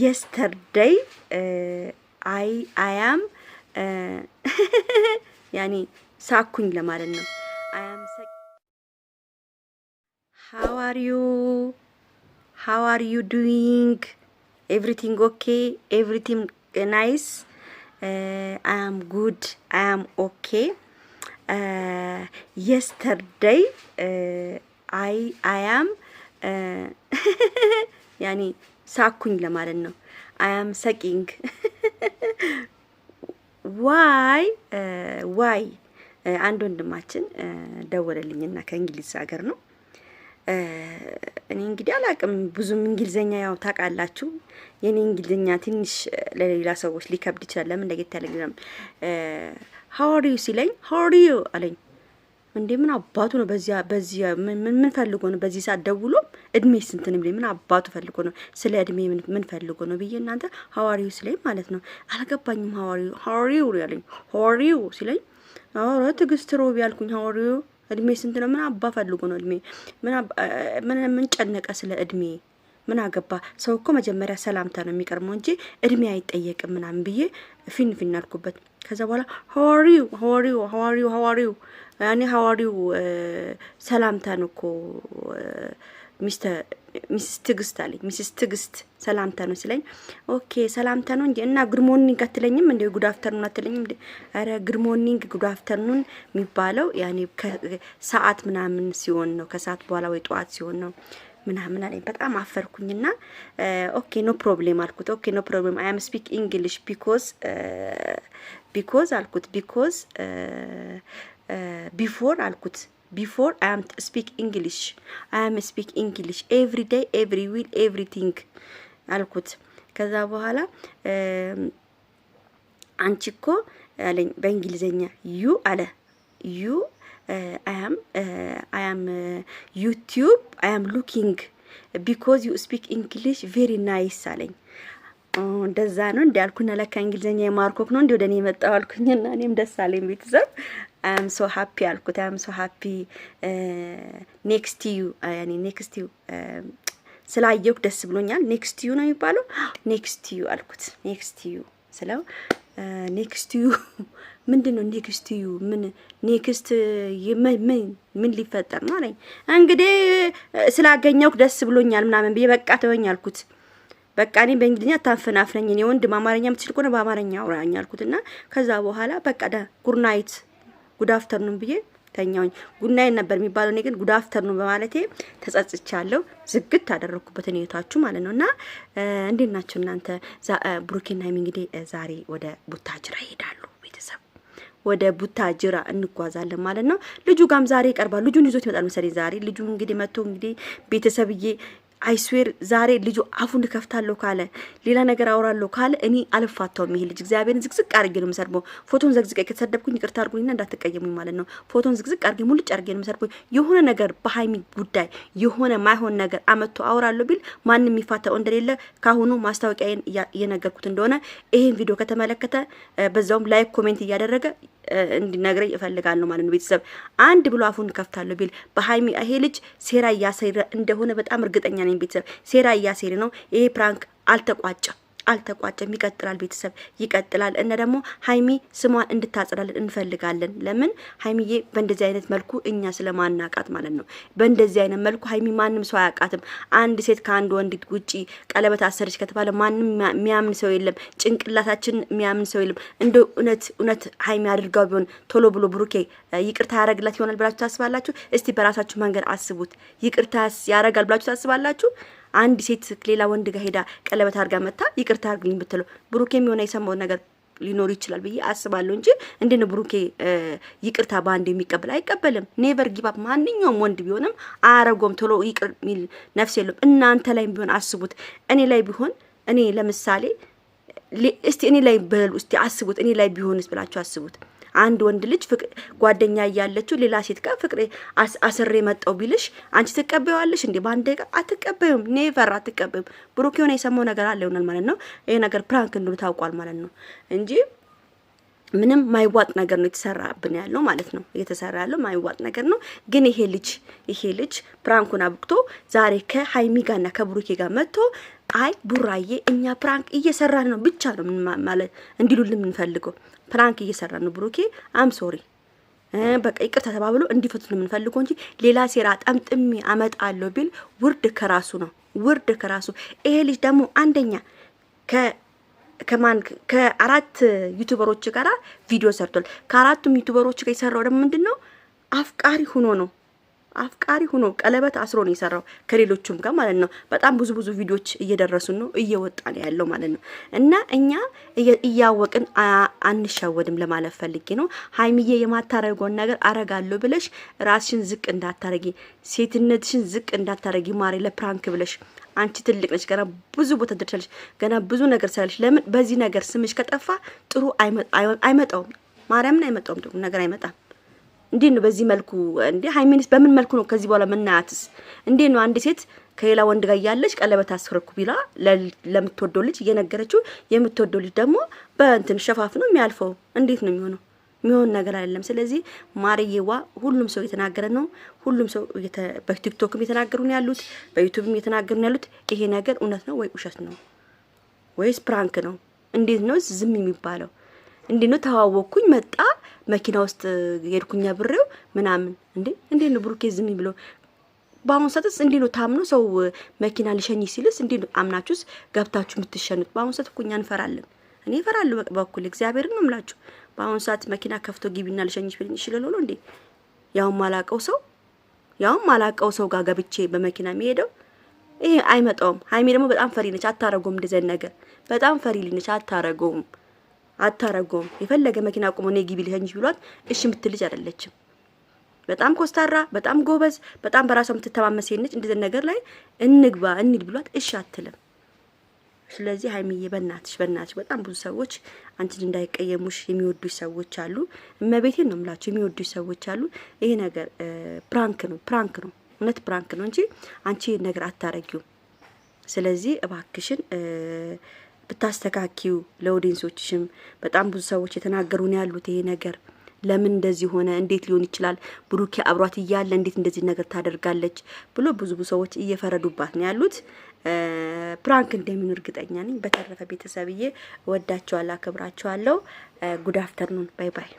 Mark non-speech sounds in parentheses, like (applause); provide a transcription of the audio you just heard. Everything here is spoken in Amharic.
የስተርደይ አይ አያም ያኔ ሳኩኝ ለማለት ነው። አያም ሃው አር ዩ ሃው አር ዩ ዱዊንግ ኤቭሪቲንግ ኦኬ ኤቭሪቲንግ ናይስ አያም ጉድ አያም ኦኬ የስተርደይ አይ አያም ያኔ ሳኩኝ ለማለት ነው። አያም ሰቂንግ ዋይ ዋይ አንድ ወንድማችን uh, ደወለልኝና ከእንግሊዝ ሀገር ነው። uh, እኔ እንግዲህ አላቅም ብዙም እንግሊዘኛ ያው ታውቃላችሁ፣ የኔ እንግሊዝኛ ትንሽ uh, ለሌላ ሰዎች ሊከብድ ይችላል። ለምን ለጌታ ያለ ሀዋሪዩ ሲለኝ ሀዋሪዩ አለኝ እንዴ ምን አባቱ ነው? በዚያ በዚያ ምን ምን ፈልጎ ነው በዚህ ሰዓት ደውሎ እድሜ ስንት ነው? ምን አባቱ ፈልጎ ነው? ስለ እድሜ ምን ፈልጎ ነው ብዬ እናንተ ሐዋርያው ሲለኝ ማለት ነው አልገባኝም። ሐዋርያው ሐዋርያው ያለኝ ሐዋርያው ሲለኝ አዎ ትዕግስት ሮቢ ያልኩኝ ሐዋርያው እድሜ ስንት ነው? ምን አባ ፈልጎ ነው እድሜ ምን ምን ጨነቀ ስለ እድሜ ምን አገባ ሰው እኮ መጀመሪያ ሰላምታ ነው የሚቀርመው እንጂ እድሜ አይጠየቅም ምናምን ብዬ ፊን ፊን አልኩበት። ከዛ በኋላ ሀዋሪው ሀዋሪው ሀዋሪው ሀዋሪው ያኔ ሀዋሪው ሰላምታ ነው እኮ ሚስተር ሚስስ ትግስት አለኝ። ሚስስ ትግስት ሰላምታ ነው ሲለኝ፣ ኦኬ ሰላምታ ነው እንጂ እና ጉድ ሞርኒንግ አትለኝም እንደ ጉድ አፍተርኑን አትለኝም እንደ አረ ጉድ ጉድ አፍተርኑን የሚባለው ያኔ ሰዓት ምናምን ሲሆን ነው፣ ከሰዓት በኋላ ወይ ጠዋት ሲሆን ነው። ምናምን አለኝ። በጣም አፈርኩኝና ኦኬ ኖ ፕሮብሌም አልኩት። ኦኬ ኖ ፕሮብሌም አይ አም ስፒክ ኢንግሊሽ ቢኮዝ ቢኮዝ አልኩት ቢኮዝ ቢፎር አልኩት ቢፎር አይ አም ስፒክ ኢንግሊሽ አይ አም ስፒክ ኢንግሊሽ ኤቭሪ ዴይ ኤቭሪ ዊል ኤቭሪቲንግ አልኩት። ከዛ በኋላ አንቺ እኮ አለኝ በእንግሊዘኛ ዩ አለ ዩ አይ አም ዩቲዩብ አይ አም ሉኪንግ ቢኮዝ ዩ ስፒክ ኢንግሊሽ ቬሪ ናይስ አለኝ። እንደዛ ነው እንዲያልኩና ለካ እንግሊዝኛ የማርኮክ ነው እንዲ ወደ እኔ የመጣው አልኩኝና እኔም ደስ አለኝ። ቤተሰብ አይ አም ሶ ሀፒ አልኩት። አይ አም ሶ ሀፒ ኔክስት ዩ ኔክስት ዩ ስላየሁክ ደስ ብሎኛል። ኔክስት ዩ ነው የሚባለው። ኔክስት (gasps) ዩ አልኩት። ኔክስት ዩ ስለው ኔክስትዩ ምንድን ነው? ኔክስትዩ ምን ኔክስት ምን ሊፈጠር ነው አለኝ። እንግዲህ ስላገኘውክ ደስ ብሎኛል ምናምን ብዬ በቃ ተወኝ አልኩት። በቃ እኔ በእንግሊዝኛ ታፈናፍነኝ እኔ ወንድም አማርኛ የምትችል ከሆነ በአማርኛ አውራኝ አልኩት እና ከዛ በኋላ በቃ ጉድናይት ጉድ አፍተርኑን ብዬ ተኛውኝ። ጉናይን ነበር የሚባለው እኔ ግን ጉዳፍተር ነው በማለቴ ተጸጽቻለሁ። ዝግት አደረኩበት እኔታችሁ ማለት ነውና እንዴት ናችሁ እናንተ? ብሩኬና ሀይሚ እንግዲህ ዛሬ ወደ ቡታጅራ ይሄዳሉ ቤተሰብ ወደ ቡታ ጅራ እንጓዛለን ማለት ነው። ልጁ ጋም ዛሬ ይቀርባል። ልጁን ይዞት ይመጣል መሰለኝ ዛሬ ልጁ እንግዲህ መጥቶ እንግዲህ ቤተሰብዬ አይስዌር ዛሬ ልጁ አፉን ከፍታለሁ ካለ ሌላ ነገር አውራለሁ ካለ እኔ አልፋታውም። ይሄ ልጅ እግዚአብሔርን ዝግዝቅ አርጌ ነው የምሰድበው። ፎቶን ዘግዝቀ ከተሰደብኩኝ ይቅርታ አድርጉኝና እንዳትቀየሙኝ ማለት ነው። ፎቶን ዝግዝቅ አርጌ ሙልጭ አርጌ ነው የምሰድበው። የሆነ ነገር በሀይሚ ጉዳይ የሆነ ማይሆን ነገር አመጥቶ አውራለሁ ቢል ማንም የሚፋታው እንደሌለ ካሁኑ ማስታወቂያ እየነገርኩት እንደሆነ ይሄን ቪዲዮ ከተመለከተ በዛውም ላይክ ኮሜንት እያደረገ እንዲነግረኝ እፈልጋለሁ ማለት ነው። ቤተሰብ አንድ ብሎ አፉን ከፍታለሁ ቢል በሀይሚ ይሄ ልጅ ሴራ እያሴረ እንደሆነ በጣም እርግጠኛ ነኝ። ቤተሰብ ሴራ እያሴረ ነው። ይሄ ፕራንክ አልተቋጨም። አልተቋጨም፣ ይቀጥላል። ቤተሰብ ይቀጥላል። እነ ደግሞ ሀይሚ ስሟን እንድታጸዳልን እንፈልጋለን። ለምን ሀይሚዬ በእንደዚህ አይነት መልኩ እኛ ስለማናቃት ማለት ነው። በእንደዚህ አይነት መልኩ ሀይሚ ማንም ሰው አያውቃትም። አንድ ሴት ከአንድ ወንድ ውጪ ቀለበት አሰረች ከተባለ ማንም የሚያምን ሰው የለም። ጭንቅላታችን የሚያምን ሰው የለም። እንደ እውነት እውነት ሀይሚ አድርጋው ቢሆን ቶሎ ብሎ ብሩኬ ይቅርታ ያደረግላት ይሆናል ብላችሁ ታስባላችሁ? እስቲ በራሳችሁ መንገድ አስቡት። ይቅርታ ያደርጋል ብላችሁ ታስባላችሁ? አንድ ሴት ሌላ ወንድ ጋር ሄዳ ቀለበት አድርጋ መታ ይቅርታ አድርግልኝ ብትለው ብሩኬ የሚሆነ የሰማውን ነገር ሊኖር ይችላል ብዬ አስባለሁ እንጂ እንዴት ነው ብሩኬ ይቅርታ በአንድ የሚቀበል አይቀበልም። ኔቨር ጊባፕ ማንኛውም ወንድ ቢሆንም አያረጎም ቶሎ ይቅር ሚል ነፍስ የለም። እናንተ ላይም ቢሆን አስቡት። እኔ ላይ ቢሆን እኔ ለምሳሌ እስቲ እኔ ላይ በሉ እስቲ አስቡት። እኔ ላይ ቢሆንስ ብላችሁ አስቡት። አንድ ወንድ ልጅ ጓደኛ እያለችው ሌላ ሴት ጋር ፍቅሬ አስሬ መጣው ቢልሽ አንቺ ትቀበዋለሽ እንዴ? በአንድ ደቂቃ አትቀበዩም። ኔቨር አትቀበዩም። ብሩክ የሆነ የሰማው ነገር አለ ይሆናል ማለት ነው። ይሄ ነገር ፕራንክ እንደሆነ ታውቋል ማለት ነው እንጂ ምንም ማይዋጥ ነገር ነው የተሰራብን ያለው ማለት ነው። እየተሰራ ያለው ማይዋጥ ነገር ነው። ግን ይሄ ልጅ ይሄ ልጅ ፕራንኩን አብቅቶ ዛሬ ከሀይሚ ጋርና ከብሩኬ ጋር መጥቶ አይ ቡራዬ እኛ ፕራንክ እየሰራን ነው ብቻ ነው ማለት እንዲሉልን የምንፈልገው። ፕራንክ እየሰራን ነው ብሩኬ፣ አም ሶሪ በቃ ይቅርታ ተባብሎ እንዲፈቱ ነው የምንፈልገው እንጂ ሌላ ሴራ ጠምጥሜ አመጣለሁ ቢል ውርድ ከራሱ ነው፣ ውርድ ከራሱ። ይሄ ልጅ ደግሞ አንደኛ ከማን ከአራት ዩቱበሮች ጋር ቪዲዮ ሰርቷል። ከአራቱም ዩቱበሮች ጋር የሰራው ደግሞ ምንድን ነው አፍቃሪ ሆኖ ነው አፍቃሪ ሆኖ ቀለበት አስሮ ነው የሰራው ከሌሎቹም ጋር ማለት ነው። በጣም ብዙ ብዙ ቪዲዮዎች እየደረሱ ነው እየወጣ ነው ያለው ማለት ነው። እና እኛ እያወቅን አንሸወድም ለማለት ፈልጌ ነው። ሀይሚዬ የማታረገውን ነገር አረጋለሁ ብለሽ ራስሽን ዝቅ እንዳታረጊ፣ ሴትነትሽን ዝቅ እንዳታረጊ ማሬ ለፕራንክ ብለሽ አንቺ ትልቅ ነች። ገና ብዙ ቦታ ደርሻለች። ገና ብዙ ነገር ስላለች ለምን በዚህ ነገር ስምሽ ከጠፋ ጥሩ አይመጣውም። ማርያምን አይመጣውም። ጥሩ ነገር አይመጣም። እንዴት ነው በዚህ መልኩ እንዴ? ሃይሚንስ በምን መልኩ ነው ከዚህ በኋላ የምናያትስ እንዴት ነው አንድ ሴት ከሌላ ወንድ ጋር እያለች ቀለበት አስረኩ ቢላ ለምትወደው ልጅ እየነገረችው የምትወደው ልጅ ደግሞ በእንትን ሸፋፍ ነው የሚያልፈው? እንዴት ነው የሚሆነው? የሚሆን ነገር አይደለም። ስለዚህ ማርዬዋ ሁሉም ሰው እየተናገረ ነው። ሁሉም ሰው በቲክቶክም እየተናገሩ ነው ያሉት፣ በዩቱብም እየተናገሩ ነው ያሉት። ይሄ ነገር እውነት ነው ወይ ውሸት ነው ወይስ ፕራንክ ነው? እንዴት ነው ዝም የሚባለው? እንዴ ነው ተዋወቅኩኝ፣ መጣ መኪና ውስጥ ሄድኩኛ ብሬው ምናምን እንዴ እንዴ ነው ብሩኬ ዝም ብሎ በአሁኑ ሰዓትስ እንዴ ነው ታምኖ ሰው መኪና ልሸኝ ሲልስ እንዴ ነው አምናችሁስ ገብታችሁ የምትሸኑት? በአሁኑ ሰዓት እኮ እኛ እንፈራለን። እኔ እፈራለሁ በኩል እግዚአብሔርን ነው የምላችሁ። በአሁኑ ሰዓት መኪና ከፍቶ ግቢና ልሸኝ ይችላል ሆኖ እንዴ ያው ማላቀው ሰው ያው ማላቀው ሰው ጋር ገብቼ በመኪና የሚሄደው ይሄ አይመጣውም። ሀይሜ ደግሞ በጣም ፈሪ ነች፣ አታረገውም። እንደዚህ ነገር በጣም ፈሪ ልነች፣ አታረገውም። አታረጎም የፈለገ መኪና ቆሞ ነው ግቢ ልሄንሽ ብሏት እሺ የምትል ልጅ አይደለችም። በጣም ኮስታራ፣ በጣም ጎበዝ፣ በጣም በራሷ የምትተማመን ሴት ነች። እንደዚህ ነገር ላይ እንግባ እንሂድ ብሏት እሺ አትልም። ስለዚህ ሀይሚዬ በእናትሽ በእናትሽ በጣም ብዙ ሰዎች አንቺን እንዳይቀየሙሽ የሚወዱሽ ሰዎች አሉ። እመቤቴ ነው የምላቸው የሚወዱሽ ሰዎች አሉ። ይሄ ነገር ፕራንክ ነው ፕራንክ ነው እውነት ፕራንክ ነው እንጂ አንቺ ነገር አታረጊውም። ስለዚህ እባክሽን ብታስተካኪው ለኦዲንሶችሽም በጣም ብዙ ሰዎች የተናገሩ ነው ያሉት። ይሄ ነገር ለምን እንደዚህ ሆነ? እንዴት ሊሆን ይችላል? ብሩኬ አብሯት እያለ እንዴት እንደዚህ ነገር ታደርጋለች ብሎ ብዙ ብዙ ሰዎች እየፈረዱባት ነው ያሉት። ፕራንክ እንደሚሆን እርግጠኛ ነኝ። በተረፈ ቤተሰብዬ ወዳቸዋለሁ፣ አክብራቸዋለሁ። ጉድ አፍተርኑን። ባይ ባይ።